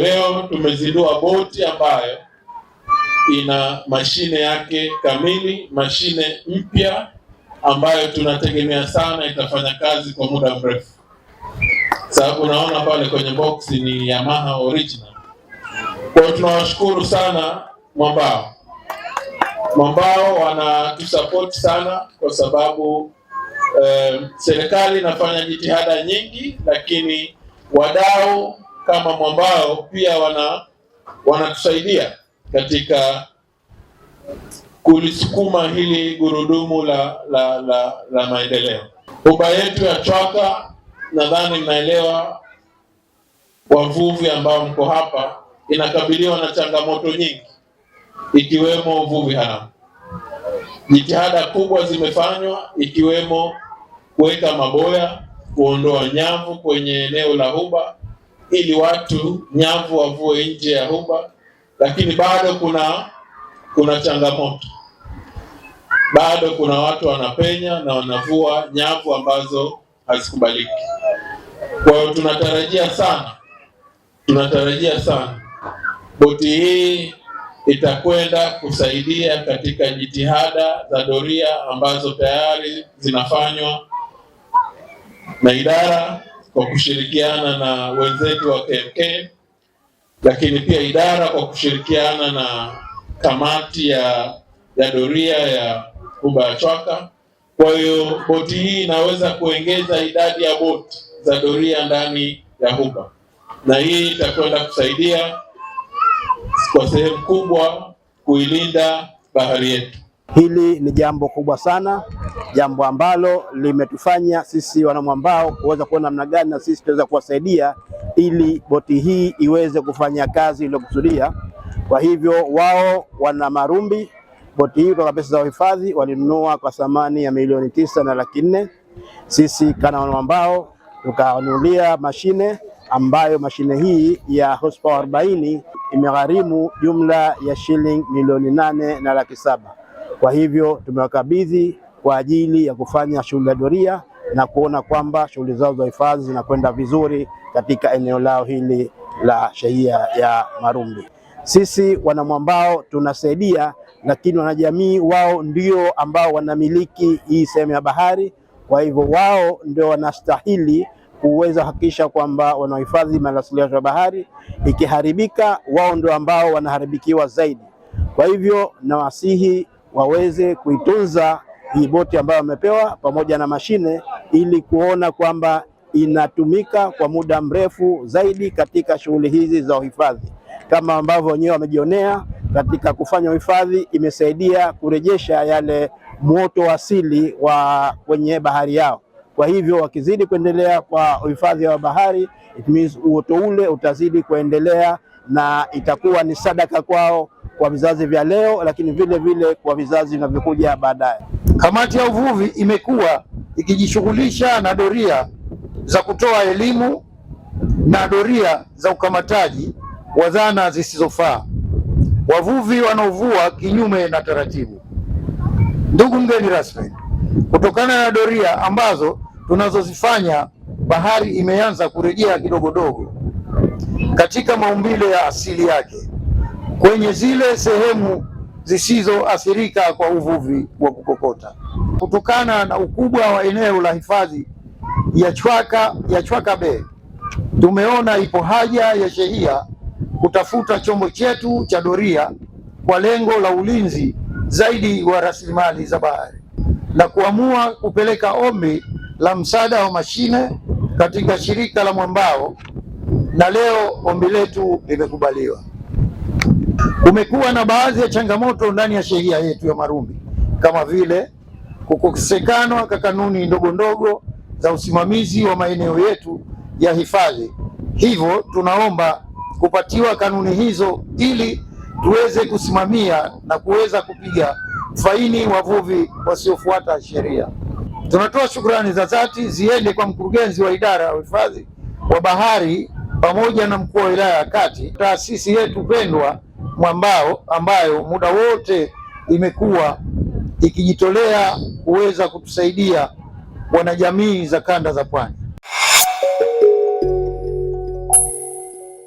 Leo tumezindua boti ambayo ina mashine yake kamili, mashine mpya ambayo tunategemea sana itafanya kazi kwa muda mrefu. Sababu unaona pale kwenye box ni Yamaha original. Kwa hiyo tunawashukuru sana Mwambao. Mwambao wanatusupport sana kwa sababu eh, serikali inafanya jitihada nyingi, lakini wadau kama mwambao pia wana wanatusaidia katika kulisukuma hili gurudumu la la la, la maendeleo. Hoba yetu ya Chwaka, nadhani mnaelewa, wavuvi ambao mko hapa, inakabiliwa na changamoto nyingi ikiwemo uvuvi haramu. Jitihada kubwa zimefanywa ikiwemo kuweka maboya, kuondoa nyavu kwenye eneo la Huba ili watu nyavu wavue nje ya huba, lakini bado kuna kuna changamoto, bado kuna watu wanapenya na wanavua nyavu ambazo hazikubaliki. Kwa hiyo tunatarajia sana, tunatarajia sana boti hii itakwenda kusaidia katika jitihada za doria ambazo tayari zinafanywa na idara kwa kushirikiana na wenzetu wa KMKM, lakini pia idara kwa kushirikiana na kamati ya, ya doria ya Ghuba ya Chwaka. Kwa hiyo boti hii inaweza kuongeza idadi ya boti za doria ndani ya Ghuba, na hii itakwenda kusaidia kwa sehemu kubwa kuilinda bahari yetu. Hili ni jambo kubwa sana, jambo ambalo limetufanya sisi wanamwambao kuweza kuona namna gani na sisi tunaweza kuwasaidia ili boti hii iweze kufanya kazi iliyokusudia. Kwa hivyo wao wana Marumbi, boti hii kutoka pesa za uhifadhi walinunua kwa thamani ya milioni tisa na laki nne. Sisi kana wanamwambao tukawanunulia mashine ambayo mashine hii ya horsepower 40 imegharimu jumla ya shilingi milioni nane na laki saba. Kwa hivyo tumewakabidhi kwa ajili ya kufanya shughuli ya doria na kuona kwamba shughuli zao za hifadhi zinakwenda vizuri katika eneo lao hili la shehia ya Marumbi. Sisi wanamwambao tunasaidia, lakini wanajamii wao ndio ambao wanamiliki hii sehemu ya bahari. Kwa hivyo wao ndio wanastahili kuweza kuhakikisha kwamba wanahifadhi maliasili ya bahari. Ikiharibika, wao ndio ambao wanaharibikiwa zaidi. Kwa hivyo nawasihi waweze kuitunza hii boti ambayo wamepewa pamoja na mashine ili kuona kwamba inatumika kwa muda mrefu zaidi katika shughuli hizi za uhifadhi. Kama ambavyo wenyewe wamejionea katika kufanya uhifadhi, imesaidia kurejesha yale mwoto asili wa kwenye bahari yao. Kwa hivyo wakizidi kuendelea kwa uhifadhi wa bahari, it means uoto ule utazidi kuendelea na itakuwa ni sadaka kwao kwa vizazi vya leo, lakini vile vile kwa vizazi vinavyokuja baadaye. Kamati ya uvuvi imekuwa ikijishughulisha na doria za kutoa elimu na doria za ukamataji wa dhana zisizofaa wavuvi wanaovua kinyume na taratibu. Ndugu mgeni rasmi, kutokana na doria ambazo tunazozifanya, bahari imeanza kurejea kidogodogo katika maumbile ya asili yake kwenye zile sehemu zisizoathirika kwa uvuvi wa kukokota. Kutokana na ukubwa wa eneo la hifadhi ya Chwaka ya Chwaka Bay, tumeona ipo haja ya shehia kutafuta chombo chetu cha doria kwa lengo la ulinzi zaidi wa rasilimali za bahari na kuamua kupeleka ombi la msaada wa mashine katika shirika la mwambao, na leo ombi letu limekubaliwa. Kumekuwa na baadhi ya changamoto ndani ya sheria yetu ya Marumbi kama vile kukosekana kwa kanuni ndogo ndogo za usimamizi wa maeneo yetu ya hifadhi. Hivyo tunaomba kupatiwa kanuni hizo ili tuweze kusimamia na kuweza kupiga faini wavuvi wasiofuata sheria. Tunatoa shukrani za dhati ziende kwa mkurugenzi wa idara ya uhifadhi wa bahari pamoja na mkuu wa wilaya ya Kati, taasisi yetu pendwa mwambao ambayo muda wote imekuwa ikijitolea kuweza kutusaidia wanajamii za kanda za pwani.